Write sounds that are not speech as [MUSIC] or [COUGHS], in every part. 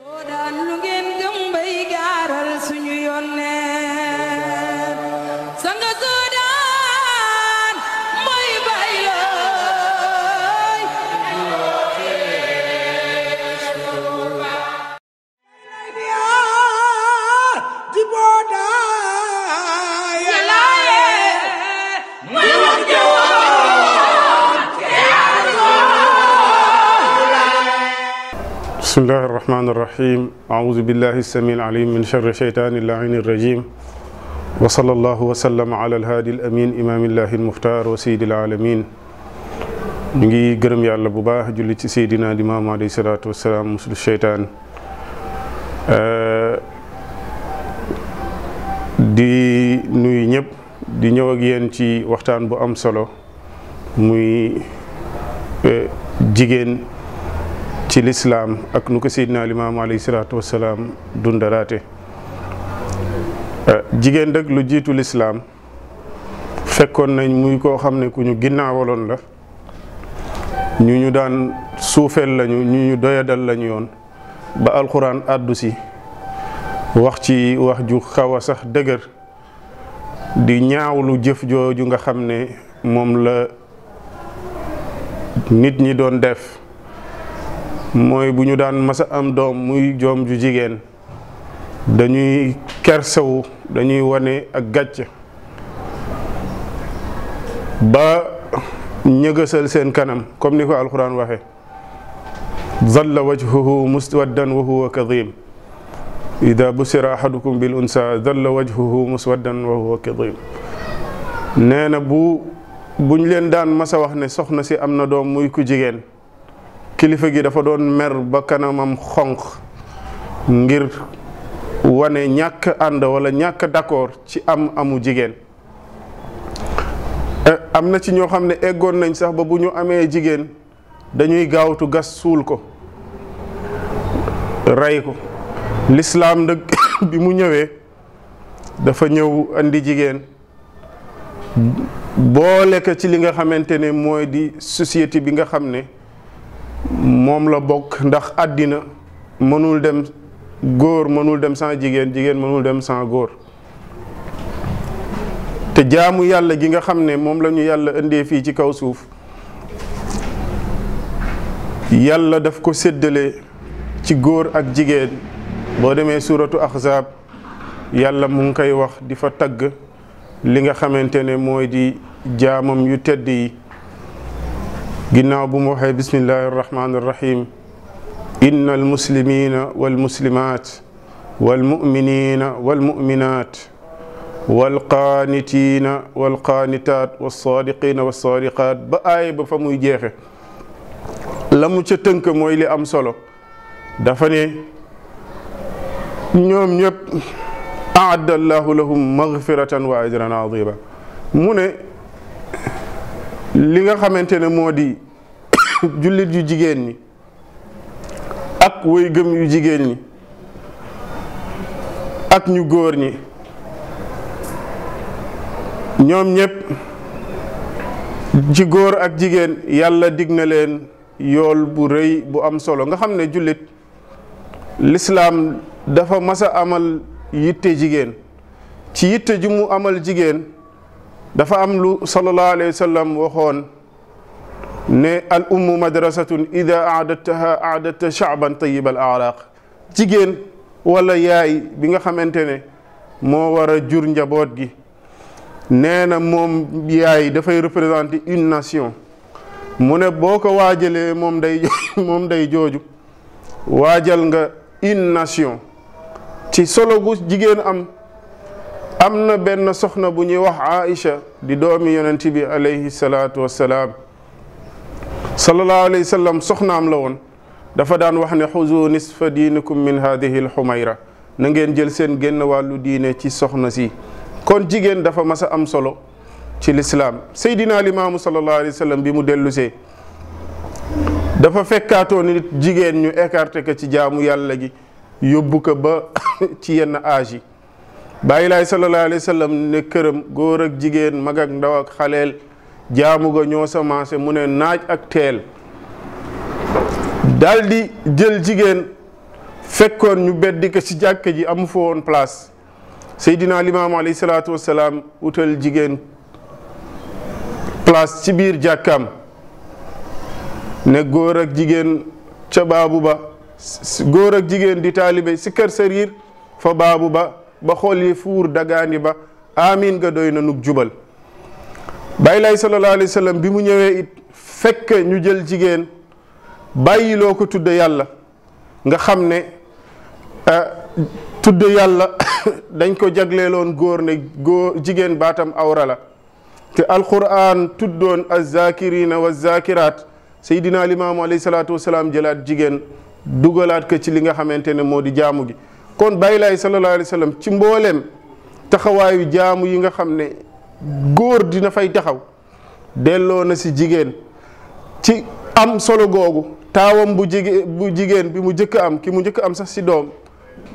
좋은 بسم الله الرحمن الرحيم أعوذ بالله السميع العليم من شر شيطان اللعين الرجيم وصلى الله وسلم على الهادي الأمين إمام الله المختار وسيد العالمين نجي قرم يا الله بباه جل سيدنا الإمام عليه الصلاة والسلام مسل الشيطان di nuy ñëpp di ñëw ak yéen وقتان waxtaan bu am solo muy ci lislaam ak nu ko seydinaa limaamu alayhi salaatu wasalaam dundalaate eh, jigéen dëgg lu jiitu lislaam fekkoon nañ muy koo xam ne ku ñu ginnaawaloon la ñu ñu daan suufeel lañu ñu ñu doyadal lañu yoon ba alxuraan àddusi wax ci wax ju xaw a sax dëgër di ñaawlu jëf jooju nga xam ne moom la nit ñi doon def mooy bu ñu daan masa am doom muy joom ju jigéen dañuy kersewu dañuy wane ak gàcc ba ñëgësal seen kanam comme ni ko alxuraan waxe zalla wajhuhu muswaddan wa huwa kadim ida busira ahadukum bil unsa zalla wajhuhu wa huwa kadim nee na bu buñ leen daan masa wax ne soxna si am na doom muy ku jigéen kilifa gi dafa doon mer ba kanamam xonq ngir wane ñàkk ànd wala ñàkk d'accord ci am amu jigéen eh, am na ci ñoo xam ne eggoon nañ sax ba bu ñu amee jigéen dañuy gaawtu gas suul ko rey ko lislaam nag [COUGHS] bi mu ñëwee dafa ñëw indi jigéen boole ko ci li nga xamante ne mooy di société bi nga xam ne moom la bokk ndax àddina mënul dem góor mënul dem sans jigéen jigéen mënul dem sans góor te jaamu yàlla gi nga xam ne moom la ñu yàlla indee fii ci kaw suuf yàlla daf ko séddale ci góor ak jigéen boo demee suuratu ahzab yàlla mu ngi koy wax di fa tagg li nga xamante ne mooy di jaamam yu tedd yi جناو بموحي بسم الله الرحمن الرحيم إن المسلمين والمسلمات والمؤمنين والمؤمنات والقانتين والقانتات والصادقين والصادقات بأي بفم يجيخ لم تتنك مويلي أم سولو دفني نيوم نيب أعد الله لهم مغفرة وأجرا عظيما مني li nga xamante ne moo di [COUGHS] jullit yu jigéen ñi ak way gëm yu jigéen ñi ak ñu góor ñi ñoom ñépp ci góor ak jigéen yàlla digg na leen yool bu rëy bu am solo nga xam ne jullit lislaam dafa mas a amal yitte jigéen ci yitte ji mu amal jigéen dafa am lu sallallahu alayhi wa sallam waxoon ne al ummu madrasatun ida aadattaha aadatta shaaban tayibal aaraq jigéen wala yaay bi nga xamante ne moo war a jur njaboot gi nee na moom yaay dafay représenter une nation mu ne boo ko waajalee moom day [LAUGHS] day jooju waajal nga une nation ci solo gu jigéen am امنا بن سخنا بني وح عائشة دي دومي ينتبي عليه الصلاة والسلام صلى الله عليه وسلم سخنا ملون دفا دان وحن حوزو نصف دينكم من هذه الحميرة نجن جلسين جن والو دينة تي سخنا سي كون جيجن دفا مسا ام صلو تي الاسلام سيدنا الامام صلى الله عليه وسلم بمو دلوسي دفا فكاتو نيت جيجن نيو اكارتك تي جامو يالا جي يوبوك با تي أنا آجي bàyyi laay sallallahu alayhi wa ne këram góor ak jigéen mag ak ndaw ak xaleel jaamu ga ñoo samaase mu ne naaj ak teel daldi jël jigéen fekkoon ñu beddi ci jàkka ji amu fa woon place seydina limaam alayhi salaatu wasalaam utal jigéen place ci biir jàkkam ne góor ak jigéen ca baabu ba góor ak jigéen di taalibe si kër sariir fa baabu ba ba xool yi fuur dagaani ba amin nga doy na nug jubal bàyyilaay salallahu alayhi wa sallam bi mu ñëwee it fekk ñu jël jigéen bàyyiloo ko tudd yàlla nga xam ne tudd yàlla [COUGHS] dañ ko jagleeloon góor ne góor jigéen baatam awra la te alquran tuddoon alzakirina walzakirat sayidina alimaamu alayhi salatu wasalaam jëlaat jigéen dugalaat ko ci li nga xamante ne moo di jaamu gi kon bàyyi laay sallallahu alayhi ci mbooleem taxawaayu jaamu yi nga xam ne góor dina fay taxaw delloo na si jigéen ci am solo googu taawam bu jigéen bu jigéen bi mu njëkk am ki mu njëkk am sax ci doom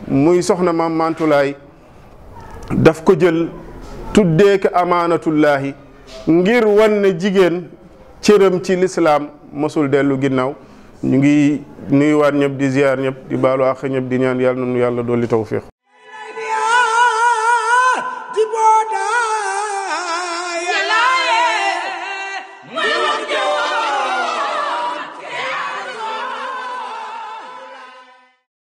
muy soxna maam Mantulaay daf ko jël tuddee ko amaanatullaahi ngir wan ne jigéen cëram ci lislaam mosul dellu ginnaaw ñu ngi nuyuwaat ñëpp di ziar ñëpp di baalu àq ñëpp di ñaan yàlla na nu yàlla dool taw tawféex